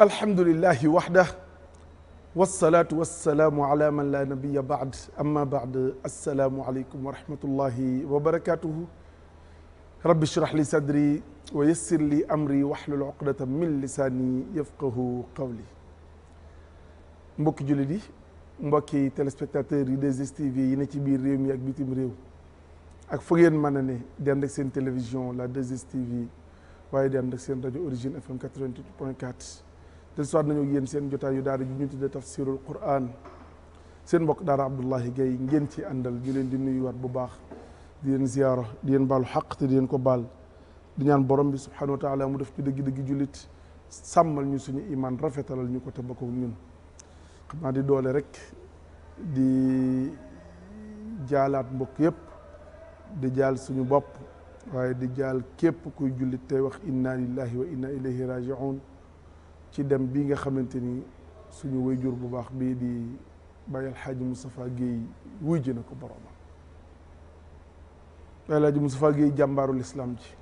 alhamdulillahi waxda walsalaatu walsalaamu ala man la nabiya baad amma baad alsalaamu aleykum wa rahmatullahi wa barakatuhu rabbi shrah li sadri wa yassir li amri wahlul uqdatan min lisaani yafqahu qawli mbokki jullit yi mbokki téléspectateurs yi 2STV yi ne ci biir réew mi ak bitim réew ak fu ngeen mën a ne di ànd ak seen télévision la 2STV waaye di ànd ak seen rajo origine FM 88 point 4 te soit nañu yéen seen jotaay yu daara ju ñu tuddee tafsirul Qur'an seen mbokk daara Abdoulahi Gaye ngeen ci àndal ñu leen di nuyuwaat bu baax di leen ziyaara di leen baalu xaq te di leen ko baal di ñaan borom bi subhanahu wa mu def ci dégg dégg jullit sàmmal ñu suñu imaan rafetalal ñu ko te ñun xanaa di doole rek di jaalaat mbokk yëpp di jaal suñu bopp waaye di jaal képp kuy jullit tey wax inna lillahi wa inna ilayhi rajiun ci dem bi nga xamante ni suñu wayjur bu baax bii di Baye Alxaaji Moustapha Guèye wuy na ko boroomam Baye Alxaaji Moustapha Guèye jàmbaarul islaam ji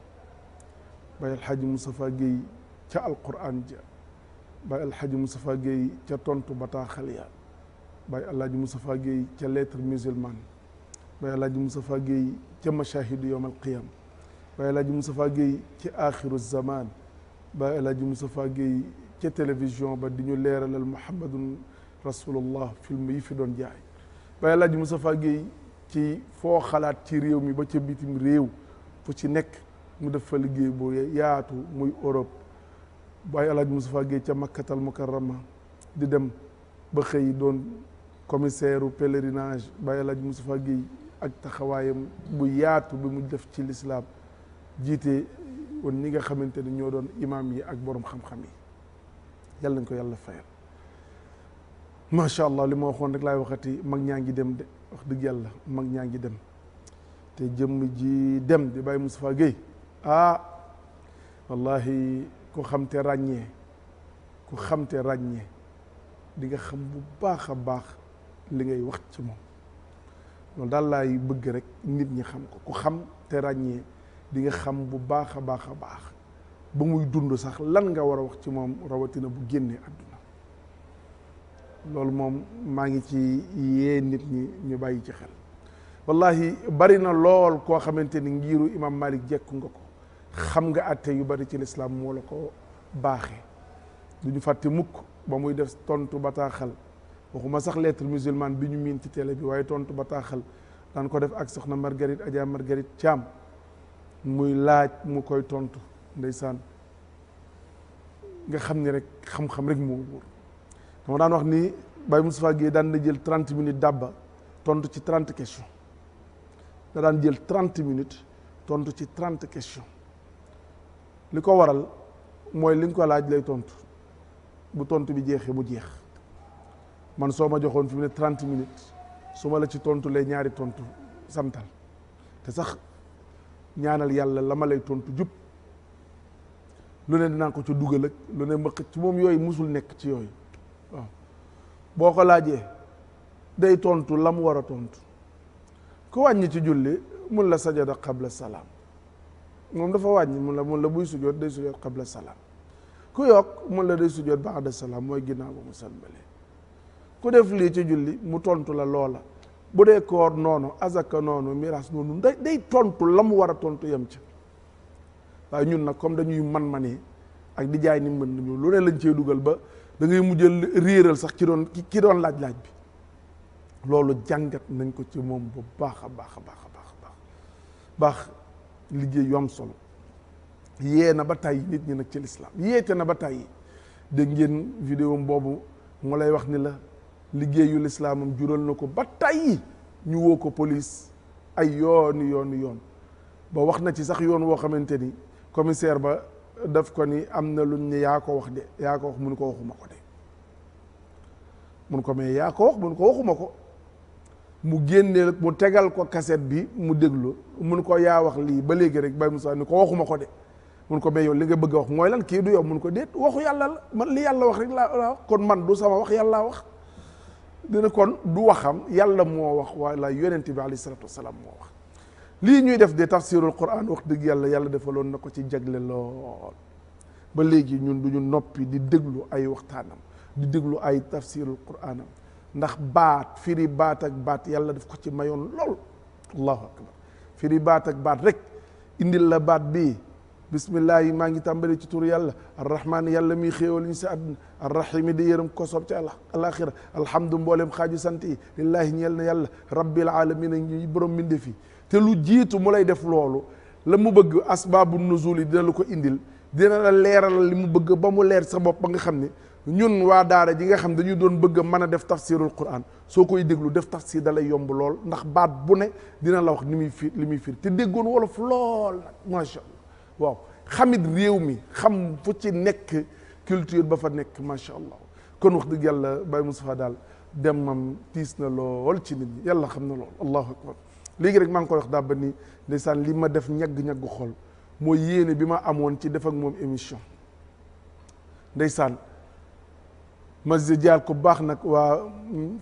Baye Alxaaji Moustapha Guèye ca alquran ja Baye Alhaji Moustapha Guèye ca tontu bataaxal ya Baye Alhaji Moustapha Guèye ca lettre musulmane Baye Alhaji Moustapha Guèye ca mashahidu yawm al qiyam Baye Alhaji Moustapha Guèye ci axiru zaman Baye Alhaji Moustapha Guèye ca télévision ba di ñu leeralal Muhammadun rasulullah film yi fi doon jaay Baye Alhaji Moustapha Guèye ci foo xalaat ci réew mi ba ca bitim réew fu ci nekk mu def fa liggéey bu yaatu muy Europe bàyyi alaaj Moustapha Guèye ca makkatal mukarrama di dem ba xëy doon commissaire u pèlerinage bàyyi alaaj Moustapha Guèye ak taxawaayam bu yaatu bi mu def ci lislaam jiite woon ñi nga xamante ni ñoo doon imaam yi ak borom xam-xam yi yàlla nañ ko yàlla fayal macha allah li ma waxoon rek laay waxati mag ñaa ngi dem de wax dëgg yàlla mag ñaa ngi dem te jëmm ji dem di bàyyi Moustapha Guèye ah wallahi ku xam te ràññee ku xam te ràññee di xam bu baax a baax li ngay wax ci moom loolu daal laay bëgg rek nit ñi xam ko ku xam te ràññee di nga xam bu baax a baax a baax ba muy dund sax lan nga war a wax ci moom rawatina bu génnee àdduna loolu moom maa ngi ci yee nit ñi ñu bàyyi ci xel wallahi bari na lool koo xamante ni ngiiru imam Malik jekku nga ko xam nga àtte yu bari ci lislaam moo la ko baaxe duñu ñu fàtte mukk ba muy def tontu bataaxal waxuma sax lettre musulmane bi ñu miin ci télé bi waaye tontu bataaxal daan ko def ak soxna Marguerite Adja Marguerite Thiam muy laaj mu koy tontu ndeysaan nga xam ni rek xam-xam rek moo wóor dama daan wax ni Baye Moustapha Guèye daan na jël trente minutes dàbba tontu ci trente questions da daan jël trente minutes tontu ci trente questions li ko waral mooy li nga ko laaj lay tontu bu tontu bi jeexee mu jeex man soo ma joxoon fi mu ne trente minutes su ma la ci tontu lay ñaari tontu santal te sax ñaanal yàlla la ma lay tontu jub lu ne dinaa ko ci dugal ak lu ne mbëq ci moom yooyu musul nekk ci yooyu waaw boo ko laajee day tontu la mu war a tontu ku wàññi ci julli mun la sajada qabla salaam moom dafa wàññi mun la mun la buy sujjoot day sujjoot qabla salaam ku yokk mun la day sujjoot ba'da salaam mooy ginnaaw ba mu sëlmalee ku def lii ci julli mu tontu la loola bu dee koor noonu azaka noonu miraas noonu day day tontu la mu war a tontu yem ca waaye ñun na comme dañuy man-manee ak di jaay ni mën nañu lu ne lañ cee dugal ba dangay ngay mujjël réeral sax ki doon ki doon laaj-laaj bi loolu jàngat nañ ko ci moom bu baax a baax a baax a baax baax liggéey yu am solo yee na ba tàyyi nit ñi nag ci lislaam yeete na ba tàyyi dégg ngeen vidéo boobu mu lay wax ni la liggéeyu lislaamam jural na ko ba tàyyi ñu woo ko police ay yoon yoon yoon ba wax na ci sax yoon woo xamante ni commissaire ba def ko ni am na luñ ne yaa ko wax de yaa ko wax mun ko waxuma ko de mun ko mais yaa ko wax mun ko waxuma ko mu génneel mu tegal ko kaset bi mu déglu mun ko yaa wax lii ba léegi rek mu Moussa ni ko waxuma ko de mun ko mais yow li nga bëgg a wax mooy lan kii du yow mun ko déet waxu yàlla la man li yàlla wax rek laa wax kon man du sama wax yàlla wax dina kon du waxam yàlla moo wax wala yonent bi alayhi salaatu wasalaam moo wax lii ñuy def de tafsirul quran wax dëgg yàlla yàlla defaloon na ko ci jagle lool ba léegi ñun du ñu noppi di déglu ay waxtaanam di déglu ay tafsirul quranam ndax baat firi baat ak baat yàlla def ko ci mayoon lool allahu akbar firi baat ak baat rek indil la baat bii bismillah yi maa ngi tàmbali ci tur yàlla arrahmaan yàlla miy xéewal ñu si àdduna arrahim di yërëm ci soob ci alaxira alhamdu mboolem xaaju sant yi lillahi ñel na yàlla rabbil alamin a ñuy borom mbindéef yi te lu jiitu mu lay def loolu la mu bëgg asbaabu nuzul yi dina la ko indil dina la leeralal li mu bëgg ba mu leer sa bopp ba nga xam ne ñun waa daara ji nga xam dañu doon bëgg a mën a def tafsirul quran soo koy déglu def tafsir dalay lay yomb lool ndax baat bu ne dina la wax ni muy fir li muy fiir te déggoon wolof lool nag macha allah waaw xamit réew mi xam fu ci nekk culture ba fa nekk macha allah kon wax dëgg yàlla Baye Moustapha daal demam tiis na lool ci nit ñi yàlla xam na lool allahu akbar léegi rek maa ngi koy wax daa ba ni ndeysaan li ma def ñagg-ñagg xol mooy yéene bi ma amoon ci def ak moom émission ndeysaan masjid jaar ko baax nag waa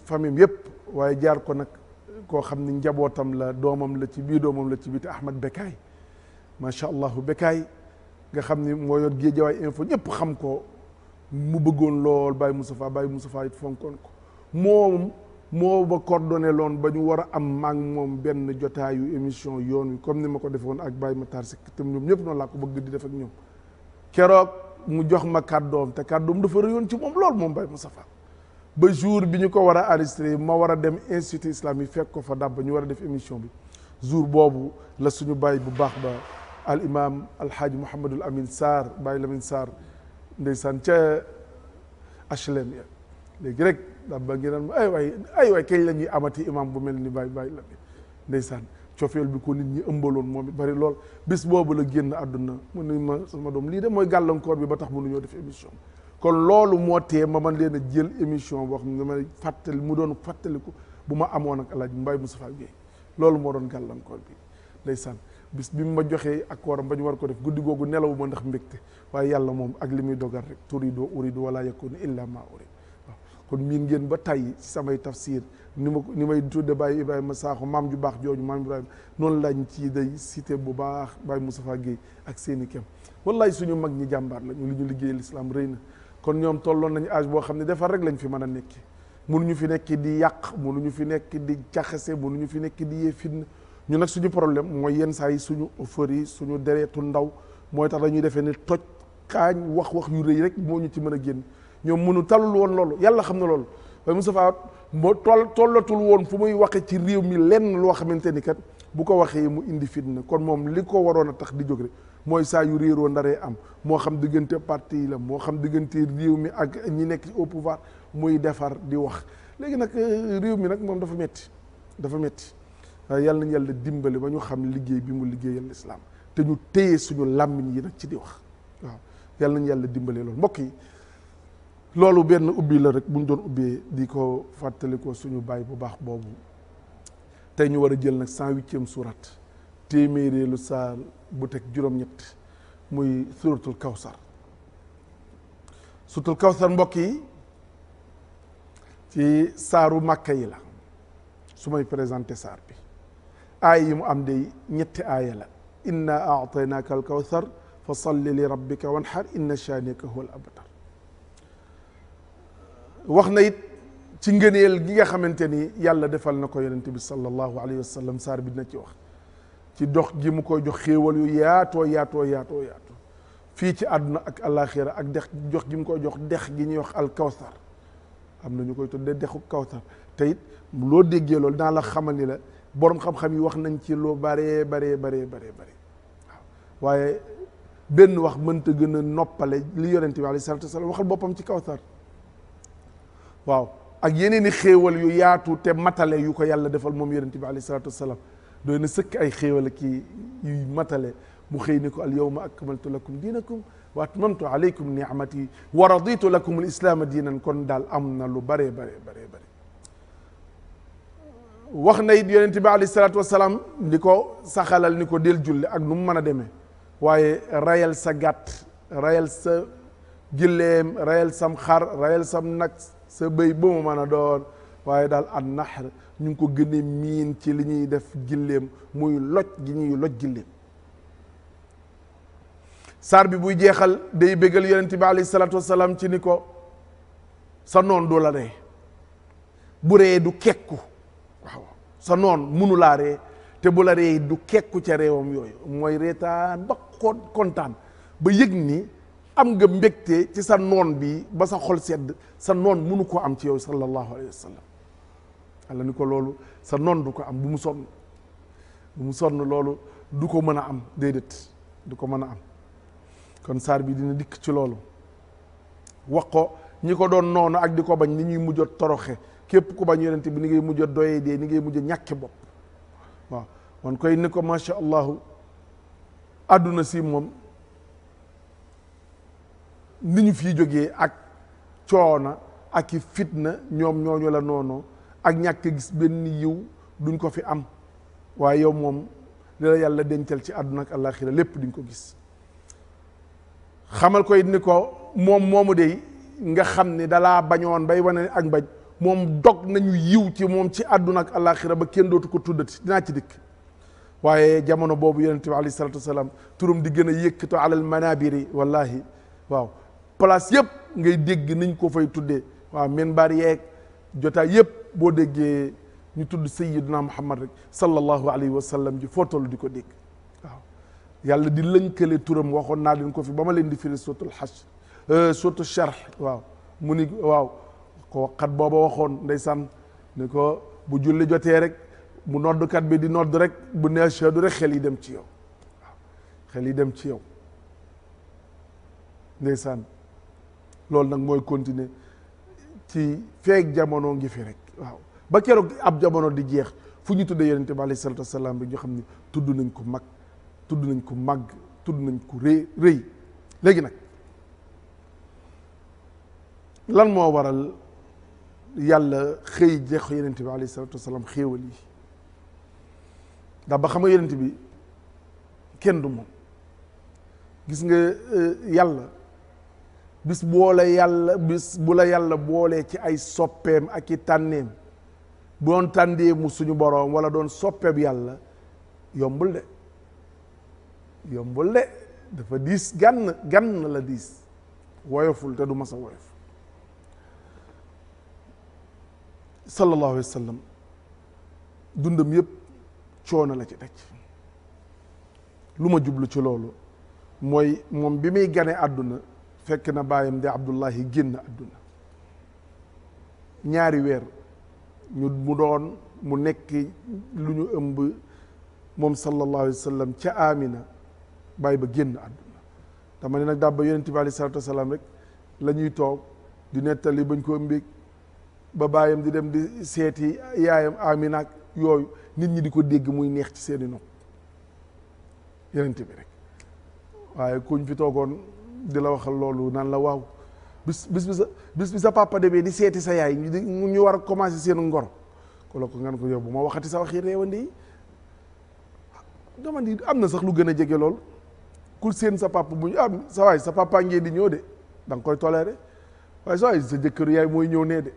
famille yëpp waaye jaar ko nag koo xam ni njabootam la doomam la ci biir doomam la ci bii te Ahmad Bekkaay macha allahu Bekkaay nga xam ni moo yor Géejawaay info ñëpp xam ko mu bëggoon lool Baye Moustapha Baye Moustapha it fonkoon ko moom moo ba coordonné loon ba ñu war a am maag moom benn jotaayu émission yoon wi comme ni ma ko defoon ak Baye Matar Seck tam ñoom ñëpp noonu laa ko bëgg di def ñëw ñoom keroog. mu jox ma kàddoom te kàddoom dafa rëyoon ci moom loolu moom Baye Moustapha ba jour bi ñu ko war a enregistré ma war a dem institut islamique fekk ko fa dàbb ñu war a def émission bi jour boobu la suñu baay bu baax ba al imam alhaaji mouhamadul amin sarr Baye Lamine saar ndeysaan ca HLM ya léegi rek dàbb ngi naan ay waay ay waay kañ la ñuy amati imam bu mel ni Baye Baye Lamine ndeysaan cofeel bi ko nit ñi ëmbaloon moom it bari lool bis boobu la génn àdduna mu ne ma sama doom lii de mooy gàllankoor bi ba tax ñoo def émission kon loolu moo tee ma man leen a jël émission boo xam ne dama fàttali mu doon ko bu ma amoon ak Alaaji Mbaye Moustapha Gueye loolu moo doon gàllankoor bi lay ndeysaan bis bi mu ma joxee ak am ba ñu war ko def guddi googu nelaw ma ndax mbégte waaye yàlla moom ak li muy dogal rek turido urido wala yakunu illa ma urid waaw kon miin ngeen ba tàyyi samay tafsir ni ma ni may tudde Baye Ibrahima Sakho maam ju baax jooju maam Ibrahima noonu lañ ci day cité bu baax Baye Moustapha Guèye ak seeni kem wallaay suñu mag ñi jàmbaar la ñu li ñu liggéeyal islam rëy na kon ñoom tolloon nañu âge boo xam ne defar rek lañ fi mën a nekkee ñu fi nekk di yàq ñu fi nekk di jaxase ñu fi nekk di yee ñu nag suñu problème mooy yenn saa yi suñu offeur yi suñu deretu ndaw mooy tax dañuy defee ni toj kaañ wax wax yu rëy rek moo ñu ci mën a génn ñoom mënu talul woon loolu yàlla xam na loolu moo toll tollatul woon fu muy waxee ci réew mi lenn loo xamante ni kat bu ko waxee mu indi fitna kon moom li ko waroon a tax di jóg rek mooy saa yu réeroo ndaree am moo xam diggante parti la moo xam diggante réew mi ak ñi nekk au pouvoir muy defar di wax léegi nag euh, réew mi nag moom dafa metti dafa metti euh, yàlla nañu yàlla dimbali ba ñu xam liggéey bi mu liggéeyal lislaam te ñu téye suñu làmmiñ yi nag ci di wax waaw yàlla nañu yàlla dimbali loolu mbokk yi loolu benn ubbi la rek bu ñu doon ubbee di ko fàttalikoo suñu baay bu baax boobu tey ñu war a jël nag cent huitième surat téeméereelu saar bu teg juróom-ñett muy suratul kawsar suratul kawsar mbokk yi ci saaru màkka yi la su may présenté saar bi aay yi mu am de ñetti aaya la inna aataynaaka al kawsar fa salli li rabbika wanhar inna shaniaka huwa al abtar wax na it ci ngëneel gi nga xamante ni yàlla defal na ko yonent bi sallallahu alayhi wa sallam saar bi dina ci wax ci dox gi mu koy jox yu yaatoo yaatoo yaatoo yaatoo fii ci àdduna ak alaxira ak dex jox gi mu koy jox dex gi ñuy wax alkawsar am na ñu koy tuddee dexu kawsar te it loo déggee loolu daa xamal ni la borom xam yi wax nañ ci loo baree baree baree baree bare waaye benn wax mënta gën a noppale li yonent bi alayhi salaatu wa salaam boppam ci kawsar waaw ak yeneen i xéewal yu yaatu te matale yu ko yàlla defal moom yonent bi alayhi salaatu wasalaam doy na sëkk ay xéewal ki yuy matale mu xëy ni ko al yawma akmaltu lakum diinakum wa atmamtu alaykum niamati wa raditu lakum al islaama diinan kon daal am na lu bare bare bare bare wax na it yonent bi alayhi salaatu wasalaam ni ko saxalal ni ko del julli ak nu mu mën a demee waaye rayal sa gàtt rayal sa gilleem rayal sam xar rayal sam nag sa béy ba mu mën a doon waaye daal an naxr ñu ngi ko gën a miin ci li ñuy def gilleem muy loj gi ñuy loj gilleem saar bi buy jeexal day bégal yonent bi alayhi salaatu wasalaam ci ni ko sa noon du la ree bu ree du kekku sa noon munu laa ree te bu la ree du kekku ca reewam yooyu mooy reetaan ba kontaan ba yëg ni am nga mbégte ci sa noon bii ba sa xol sedd sa noon mënu koo am ci yow sallallahu alayhi wa sallam Yàlla ni ko loolu sa noon du ko am bu mu sonn bu mu sonn loolu du ko mën a am déedéet du ko mën a am kon saar bii dina dikk ci loolu wax ko ñi ko doon noonu ak di ko bañ ni ñuy mujj toroxe képp ku bañ yonente bi ni ngay mujj a doyee dee ni ngay mujj a ñàkke bopp waaw kon koy ni ko macha allahu àdduna si moom ni ñu fii jógee ak coona ak i fitna ñoom ñooñu la noonoo ak ñàkk gis benn yiw duñ ko fi am waaye yow moom li la yàlla dencal ci àdduna ak àllaaxira lépp duñ ko gis xamal koy ni ko moom moomu de nga xam ni dalaa bañoon bay wane ak mbañ moom dog nañu yiw ci moom ci àdduna ak àllaaxira ba kenn dootu ko tuddati dinaa ci dikk waaye jamono boobu yonente bi alayhi salaatu wasalaam turam di gën a yëkkatoo alal manabiri wallahi waaw place yëpp ngay dégg niñ ko fay tuddee waaw minbar yeeg jotaay yëpp boo déggee ñu tudd sayyiduna muhammad rek sallallahu alayhi wa sallam ji footal di ko dégg waaw yàlla di lënkale turam waxoon naa leen ko fi ba ma leen di firi suratul xashr euh, surtout charx waaw mu ni waaw ko xat booba waxoon ndeysaan ni ko bu julli jotee rek bu noddkat bi di nodd rek bu ne ashhadu rek xel yi dem ci yow xel yi dem ci yow ndeysaan loolu nag mooy continuer ci feek jamono ngi fi rek waaw ba keroog ab jamono di jeex fu ñu tudd yonente bi alayhi salatu wasalaam rek ñu xam ne tudd nañ ko mag tudd nañ ko màgg tudd nañ ko rëy rëy léegi nag lan moo waral yàlla xëy jeex yonente bi alayhi salatu wasalaam xéewal yi ndax ba xam nga bi kenn du moom gis nga euh, yàlla bis boo yàlla bis bu la yàlla boolee ci ay soppeem ak i tànneem bu doon tàndee mu suñu boroom wala doon soppeem yàlla yombul de yombul de dafa diis gànn gànn la diis woyoful te du mas a woyof sallallahu alayhi dundam yëpp coono la ci teg lu ma jublu ci loolu mooy moom bi muy gane àdduna fekk na baayam di Abdullahi génn àdduna ñaari weer ñu mu doon mu nekk lu ñu ëmb moom sallallahu alayhi ca Amina baay ba génn àdduna dama ne nag daab ba yonent bi alayhi salaatu wa rek lañuy toog di nettali bañ ko ëmbeeg ba baayam di dem di seeti yaayam Amina yooyu nit ñi di ko dégg muy neex ci seeni nopp yonent bi rek waaye kuñ fi toogoon di la waxal loolu naan la waaw bis bis bi sa bis bi sa papa demee di seeti sa yaay ñu ñu war a commencé seen ngor ko la ko ngan ko yow bu ma waxati sa waxi réewandi yi dama ni am na sax lu gën a jege lool ku seen sa papa bu ñu am sa waay sa papa ngeen di ñëw de danga koy toléré waaye sa waay sa jëkkëru yaay mooy ñëw nee de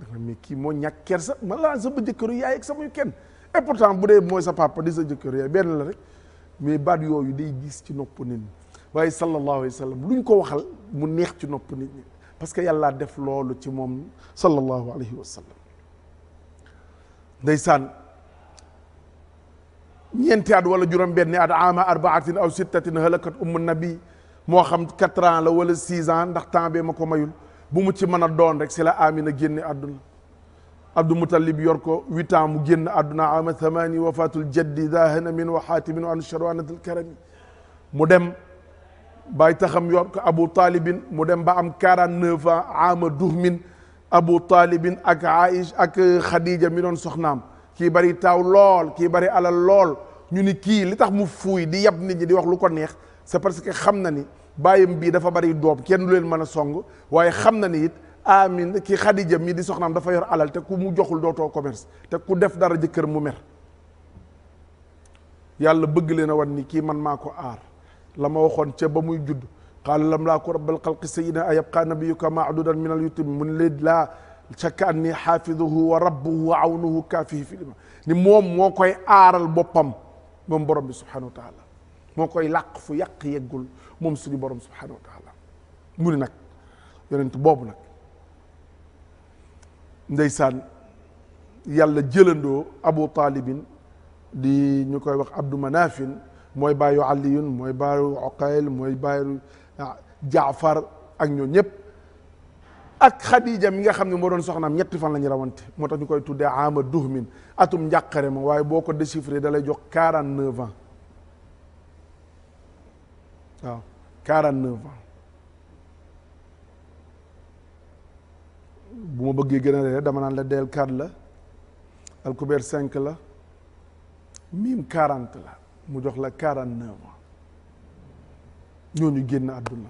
danga mais kii moo ñàkk kersa man laa sama jëkkëru yaay ak sama kenn et bu dee mooy sa papa di sa jëkkëru yaay benn la rek mais baat yooyu day gis ci nopp nit waaye sallallahu alayhi wa lu luñ ko waxal mu neex ci nopp nit ñi parce que yàlla def loolu ci moom sallallahu alayhi wa sallam ndeysaan ñeenti at wala juróom benni at ama arbaatin aw sittatin halakat ummu nabi moo xam quatre ans la wala six ans ndax temps ma ko mayul bu mu ci mën a doon rek si la amina génne àdduna abdou mutalib yor ko huit ans mu génn àdduna ama thamani wafatul jaddi dahana min wa xaatimin wa ancharu anatal karami mu dem bàyyi taxam yor ko abu taalibin mu dem ba am quarante neuf ans ama duhmin abu taalibin ak aïch ak xadija mi doon soxnaam kii bari taaw lool kii bari alal lool ñu ni kii li tax mu fuuy di yab nit ñi di wax lu ko neex c'est parce que xam na ni bàyyam bii dafa bari doom kenn du leen mën a song waaye xam na ni it amin ki xadija mii di soxnaam dafa yor alal te ku mu joxul dootoo commerce te ku def dara jëkkër mu mer yàlla bëgg leen a wan ni kii man maa ko aar la ma waxoon ca ba muy judd qaala lam laaku rabbal xalqi sayidna a yabqa nabiyuka maadudan min al yutim mun leen laa shakka anni xaafiduhu wa rabbuhu wa awnuhu kaafihi fi ni moom moo koy aaral boppam moom borom bi subhanahu wa taala koy làq fu yàq yeggul moom suñu borom subhanahu wa taala mu ni nag yonent boobu nag ndeysaan yàlla jëlandoo abu taalibin di ñu koy wax abdu manafin mooy baayu aliyun mooy baayu oqayl mooy baayu ah, jaafar ak ñoo ñëpp ak xadija mi nga xam ne moo doon soxnaam ñetti fan la ñu rawante moo tax ñu koy tuddee ama duhmin atum njàqare ma waaye boo ko déchiffré da lay jox quarante neuf ans waaw quarante neuf ans bu ma bëggee gën a leer dama naan la del 4 la alkubeer cinq la miim 40 la mu jox la quarante neuf ans ñooñu génn àdduna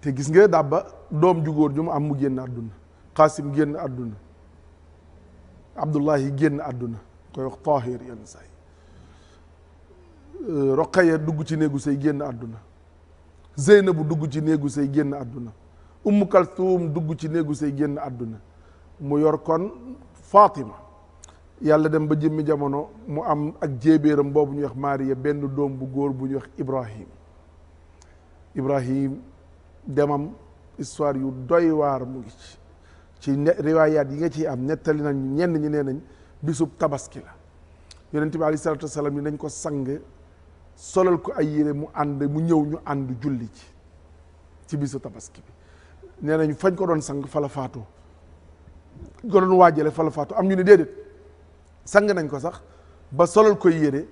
te gis nga dàbba doom jugóor góor ju mu am mu génn àdduna Qaasim génn àdduna Abdullahi génn àdduna koy wax Tahir yenn saa yi euh, Roqaya dugg ci néegu say génn àdduna Zeynabu dugg ci néegu say génn àdduna Ummu Kalsum dugg ci néegu say génn àdduna mu yor kon Fatima yàlla dem ba jëmmi jamono mu am ak jéebéeram boobu ñuy wax Maariya benn doom bu góor bu ñuy wax Ibrahim Ibrahim demam histoire yu doy waar mu ngi ci ci riwaayaat yi nga ci am nettali nañ ñenn ñi nee nañ bisub tabaski la yonent bi alayhi salaatu wasalaam nañ ko sang solal ko ay yére mu ànd mu ñëw ñu ànd julli ci ci bisu tabaski bi nee nañ fañ ko doon sang fala faatu ko doon waajale fala am ñu ne déedéet sang nañ ko sax ba solal koy yére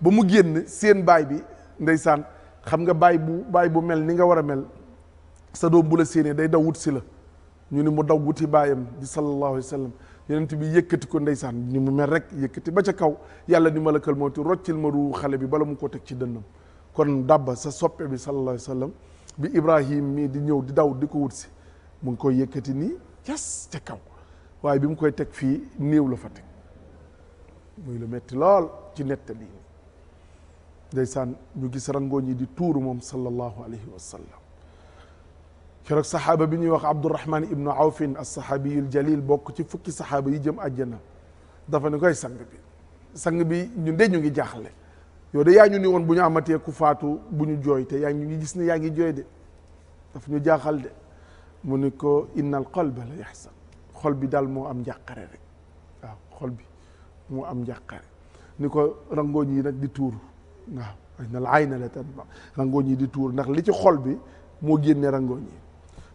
ba mu génn seen baay bi ndeysaan xam nga baay bu baay bu mel ni nga war a mel sa doom bu la séenee day daw wut si la ñu ni mu daw wuti baayam bi sallallahu alayhi wa sallam bi yëkkati ko ndeysaan ni mu mel rek yëkkati ba ca kaw yàlla ni malakal mawti roccil ma ruu xale bi bala mu ko teg ci dënnam kon dabba sa soppe bi sallallahu alayhi wa sallam bi ibrahim mii di ñëw di daw di ko wut si mu ngi koy yëkkati nii yes ca kaw waaye bi mu koy teg fii néew la fa teg muy lu metti lool ci nettali ni ndeysaan ñu gis rangooñ yi di tuuru moom sallallahu alayhi wa sallam saxaaba bi ñuy wax Abdurahman ibnu Awfin as-saxaabiyul jalil bokk ci fukki saxaaba yi jëm àjjana dafa ne koy sang bi sang bi ñu de ñu ngi jaaxle yow de yaa ñu ni woon bu ñu amatee ku faatu bu ñu jooy te yaa ñu ngi gis ne yaa ngi jooy de daf ñu jaaxal de mu ne ko innal qalba la yaxsan xol bi daal moo am njàqare rek waaw xol bi mu am njàqare ni ko rangooñ yi nag di tuur waaw ay na laay na la tan rangooñ yi di tuur ndax li ci xol bi moo génnee rangooñ yi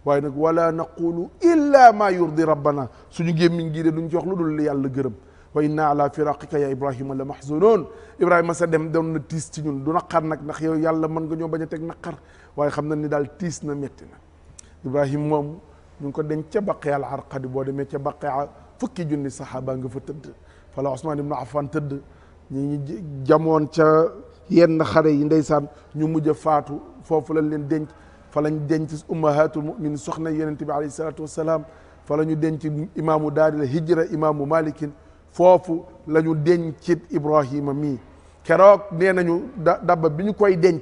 waaye nag wala naqulu illa ma yurdi rabbana suñu gémmiñ gi de duñ ci wax lu dul li yàlla gërëm wa inna ala firaqika ya ibrahima la mahzunoon ibrahima sa dem doon na tiis ci ñun du naqar nag ndax yàlla mën nga ñoo bañ a teg naqar waaye xam na ni daal tiis na metti na ibrahima moom ñu ngi ko denc ca baqe al arqadi boo demee ca baqe fukki junni saxaaba nga fa tëdd fala Ousmane ibnu Affan tëdd ñi jamoon ca yenn xare yi ndeysaan ñu mujj a faatu foofu lañ leen denc fa lañ denc ummahatul muminin soxna yonent bi alayhi salaatu wassalaam fa la ñu denc imaamu daaril hijra imaamu malikin foofu la ñu dencit ibrahima mii keroog nee nañu da dabba bi ñu koy denc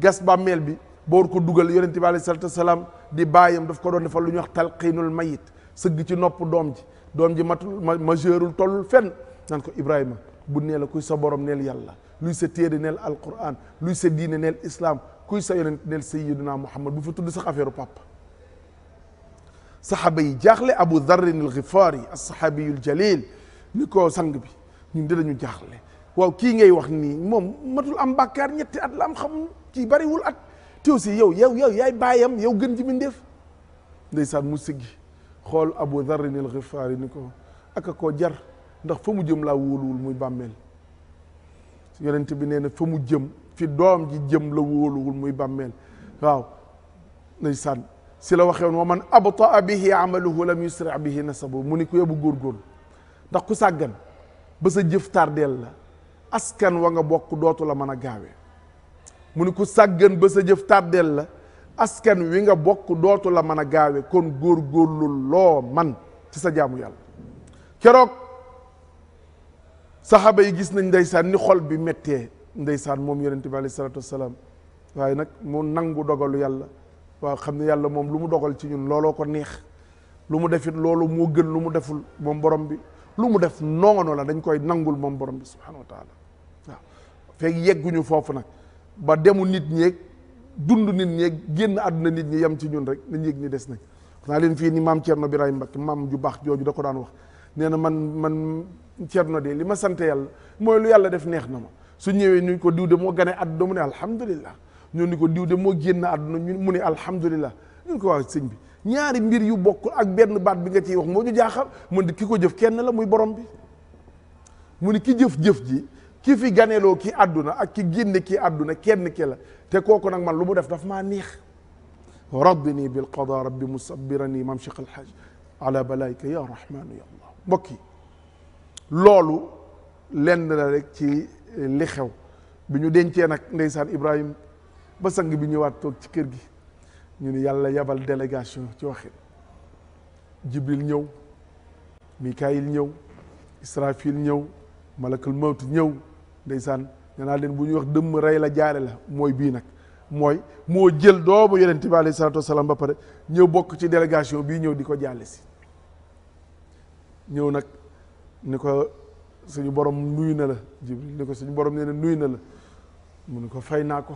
gas bàmmeel bi boor ko dugal yonent bi alayhi salaatu wassalaam di bàyyam daf ko doon defal lu ñuy wax talqiinul mayit sëgg ci nopp doom ji doom ji matul ma majeurul tollul fenn naan ko Ibrahima bu nee la kuy sa borom neel yàlla luy sa téere neel alquran luy sa diine neel islam kuy sa yonent neel sayyidina Muhammad bu fa tudd sax affaire papa. saxaaba yi jaaxle Abu Darrin al-Ghifari as-saxaabiyul jalil ni ko sang bi ñun de dañu jaaxle waaw kii ngay wax nii moom matul am bàkkaar ñetti at la am xam ci bariwul at te si yow yow yow yaay baayam yow gën ji mi ndéef ndeysaan mu siggi xool abu dharrin al xifaari ni ko aka koo jar ndax fa mu jëm laa wóoluwul muy bàmmeel yonent bi nee fa mu jëm fi doom ji jëm la wóoluwul muy bàmmeel waaw ndeysaan si la waxee woon wa man abtaa bihi amaluhu lam yusri bihi nasabu mu ni ku yebu góorgóorlu ndax ku sàggan ba sa jëf tardeel la askan wa nga bokk dootu la mën a gaawe mu ni ku sàggan ba sa jëf tardeel la askan wi nga bokk dootu la mën a gaawe kon góor góorlu loo man ci sa jaamu yàlla keroog saxaaba yi gis nañ ndeysaan ni xol bi mettee ndeysaan moom yonente bi alayhi salaatu wasalaam waaye nag mu nangu dogalu yàlla waaw xam ne yàlla moom lu mu dogal ci ñun looloo ko neex lu mu defit loolu moo gën lu mu deful moom borom bi lu mu def noonu la dañ koy nangul moom borom bi subhanahu wa taala waaw fekk yegguñu foofu nag ba demu nit ñeeg dund nit ñi génn àdduna nit ñi yem ci ñun rek nañ yëg ni des nañ wax naa leen fii ni maam Thierno Birahim Mbacké maam ju baax jooju da ko daan wax nee na man man Thierno de li ma sant yàlla mooy lu yàlla def neex na ma su ñëwee ñu ko diw de moo gane àdduna mu ne alhamdulilah ñoo ni ko diw de moo génn àdduna ñu mu ne alhamdulilah ñun ko waaw sëñ bi ñaari mbir yu bokk ak benn baat bi nga ciy wax moo ñu jaaxal mu ne ki ko jëf kenn la muy borom bi jëf-jëf ji ki fi ganeloo ki àdduna ak ki génne ki àdduna kenn ki la te kooku nag man lu mu def daf maa neex radini bil qada rabbi musabirani mamshiq alhaj ala balaayika ya rahmanu ya allah mbokk yi loolu lenn la rek ci eh, li xew bi ñu dencee nag ndeysaan ibrahim ba sang bi ñëwaat toog ci kër gi ñu ne yàlla yabal délégation ci waxin jibril ñëw mikaayil ñëw israfil ñëw malakul mawt ñëw ndeysaan nee naa leen bu ñuy wax dëmm rey la jaare la mooy bii nag mooy moo jël doomu yonent bi alayhi salaatu wasalaam ba pare ñëw bokk ci délégation bii ñëw di ko jàlle si ñëw nag ni ko suñu borom nuyu na la jibril ni ko suñu borom nee na nuyu na la mu ne ko fay naa ko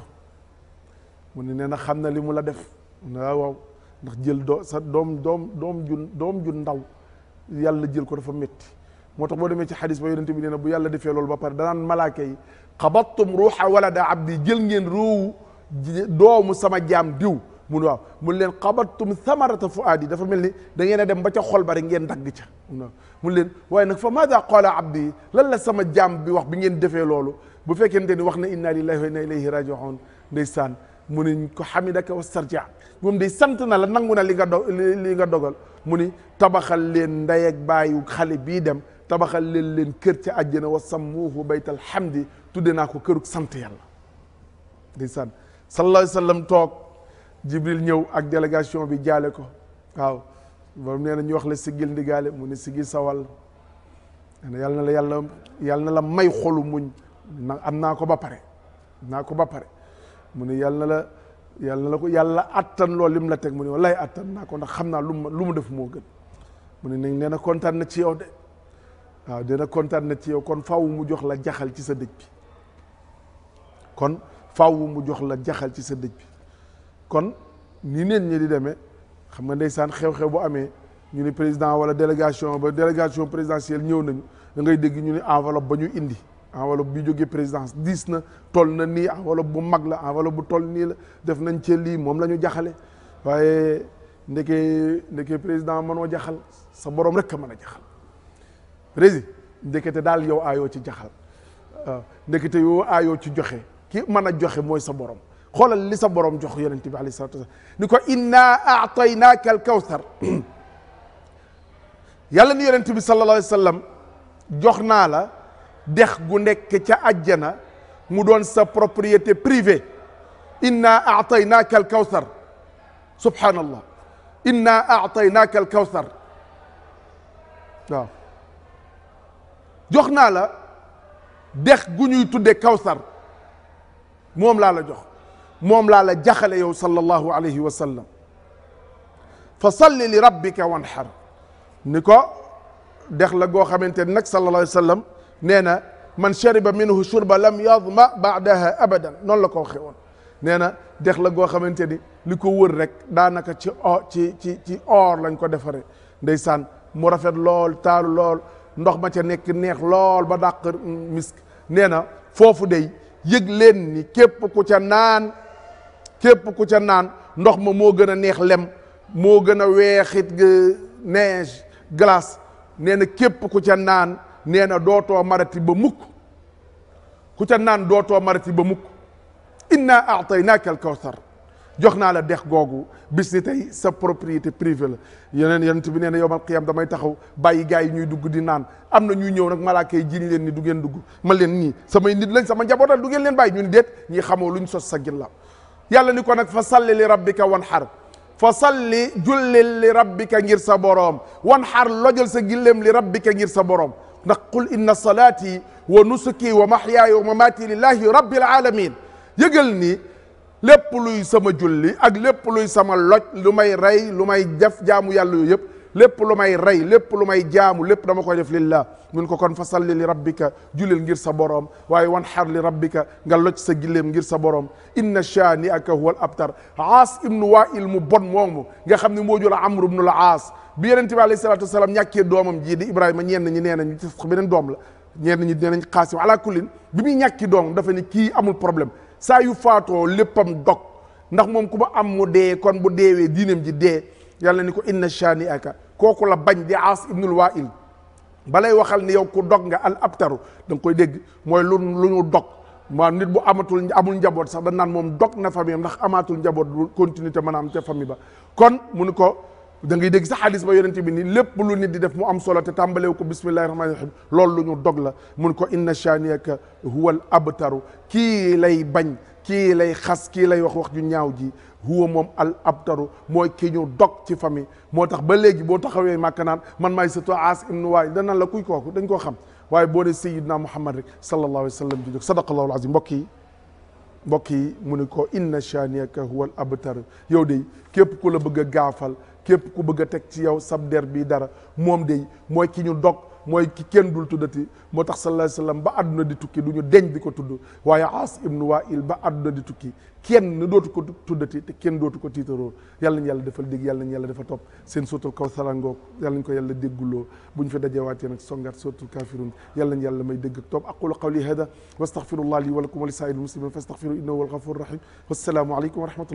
mu ne nee na xam na li mu la def mu ne waaw ndax jël doo doom doom doom ju doom ju ndaw yàlla jël ko dafa metti moo tax boo demee ci xadis ba yonente bi nee na bu yàlla defee loolu ba pare danaan malaaka yi xabattum ruuxa walada abdi jël ngeen ruuwu doomu sama jaam diw mun waaw mun leen xabattum samarata fuaadi dafa mel ni da a dem ba ca xol bari ngeen dagg ca mun waaw mun leen waaye nag fa maada qaala abdi lan la sama jaam bi wax bi ngeen defee loolu bu fekkente ni wax na inna lillahi wa inna ilayhi rajiun ndeysaan mu ni ko xamidaka wa sarja moom day sant na la nangu na li nga do li nga dogal mu ni tabaxal leen ndey ak xale bii dem tabaxal leen leen kër ci àjjana wa sammuuhu baytal hamdi tudde naa ko këruk sant yàlla di sallallahu alayhi wa sallam toog jibril ñëw ak délégation bi jaale ko waaw moom nee na ñu wax la siggil ndigaale mu ne siggil sawal nee na yàlla na la yàlla yàlla na la may xolu muñ na am naa ko ba pare naa ko ba pare mu ne yàlla la yàlla na la ko yàlla attan loolu mu la teg mu ne wallaay attan naa ko ndax xam naa lu mu lu mu def moo gën mu ne nag nee na kontaan na ci yow de waaw dina kontaan na ci yow kon faaw mu jox la jaxal ci sa dëj bi kon faaw mu jox la jaxal ci sa dëj bi kon ni neen ñi di demee xam nga ndeysaan xew-xew bu amee ñu ne président wala délégation ba délégation présidentielle ñëw nañu da ngay dégg ñu ne enveloppe ba ñu indi enveloppe bi jógee présidence diis na toll na nii enveloppe bu mag la enveloppe bu toll nii la def nañ ci lii moom la ñu jaxale waaye ndeke ndeke président mënoo jaxal sa borom rek a mën a jaxal rési ndekete daal yow aayoo ci jaxal ah, ndekete yow aayoo ci joxe ki mën a joxe mooy sa borom xoolal li sa borom jox yonent bi alayhi salatu wasalam ni ko inna aataynaaka alkawsar yàlla ni yonent bi sallallahu alayhi jox naa la dex gu nekk ca àjjana mu doon sa propriété privée inna aataynaaka alkawsar subhanallah inna aataynaaka alkawsar waaw jox naa la dex gu ñuy tudde kawsar moom laa la jox moom laa la jaxale yow sallallahu alayhi wa sallam fa salli li rabbika wanhar ni ko dex la goo xamante ni nag sallallahu alayhi wa sallam nee na man shariba minhu shurba lam yadma baadaha abadan noonu la ko waxee woon nee na dex la goo xamante ni li ko wër rek daanaka ci o ci ci ci or lañ ko defaree ndeysaan mu rafet lool taalu lool ndox ma ca nekk neex lool ba dàq misk nee na foofu dey yëg leen ni képp ku ca naan képp ku ca naan ndox ma moo gën a neex lem moo gën a weexit neige glace nee na képp ku ca naan nee na dootoo marati ba mukk ku ca naan dootoo marati ba mukk inna naa al kawsar jox naa la dex googu bis ni tey sa propriété privée la yeneen yonent bi nee na yowmal qiyam damay taxaw bàyyi gars yi ñuy dugg di naan am na ñuy ñëw nag malaaka yi jiñ leen ni du ngeen dugg ma leen nii samay nit lañ sama njabootal du ngeen leen bàyyi ñu ni déet ñi xamoo luñ sos sa ginnaaw yàlla ni ko nag fa salli li rabbika wan xar fa salli jullil li rabbika ngir sa boroom wan xar lojal sa gilleem li rabbika ngir sa boroom ndax qul inna salaati wa nusuki wa mahyaaya wa mamaati lillahi rabbil alamin yëgal ni lépp luy sama julli ak lépp luy sama loj lu may rey lu may jaf jaamu yàlla yooyu yëpp lépp lu may rey lépp lu may jaamu lépp dama koy def lillah mun ko kon fa salli li rabbika julil ngir sa borom waaye wan xar li rabbika nga loj sa gilleem ngir sa borom inna shaani aka huwal abtar aas ibnu wail mu bon moomu nga xam ne moo jur amr ibnu la aas bi yonente bi alayhi salatu wasalaam ñàkkee doomam jii di ibrahima ñenn ñi nee nañ ci beneen doom la ñenn ñi nee nañ xaasim ala kullin bi muy ñàkki doom dafa ni kii amul problème saa yu faatoo léppam dog ndax moom ku ma am mu dee kon bu deewee diinam ji dee yàlla ni ko inna shani aka kooku la bañ di aas ibnul wail balay waxal ni yow ku dog nga al abtaru da nga koy dégg mooy lu lu ñu dog maa nit bu amatul amul njaboot sax ba naan moom dog na famille ndax amaatul njaboot bu continuité maanaam ca famille ba kon mu ni ko da ngay dégg sax xadis ba yonente bi ni lépp lu nit di def mu am solo te tàmbalewu ko bismillahi rahmani rahim loolu lu ñu dog la mun ko inna shaniyaka huwa al abtaru kii lay bañ kii lay xas kii lay wax wax ju ñaaw ji huwa moom al abtaru mooy ki ñu dog ci famille moo tax ba léegi boo taxawee màkka naan man maay sëtu aas ibnu waay danaan la kuy kooku dañ koo xam waaye boo ne sayidna muhammad rek sallallahu alayhi wa sallam di jóg sadaqallahu al azim mbokk yi mbokk yi mu ne ko inna shaniyaka huwa al abtaru yow de képp ku la bëgg a gaafal képp ku bëgg a teg ci yow sab der bii dara moom day mooy ki ñu dog mooy ki kenn dul tuddati moo tax sallallahu alayhi wasallam ba àdduna di tukki du ñu deñ bi ko tudd waaye Aas ibnu Waa'il ba àdduna di tukki kenn dootu ko tuddati te kenn dootu ko tiitaroo yàlla ñu yàlla defal dégg yàlla ñu yàlla defa topp seen sootul kaw salangoog yàlla ñu ko yàlla dégguloo bu ñu fi dajewaatee nag songaat sootul kaafiruun yàlla ñu yàlla may dégg ak topp aqulu qawli hada wa astaghfirullah li wa lakum wa li saa'iril muslimin fastaghfiru innahu huwal ghafuurur rahim wassalaamu aleykum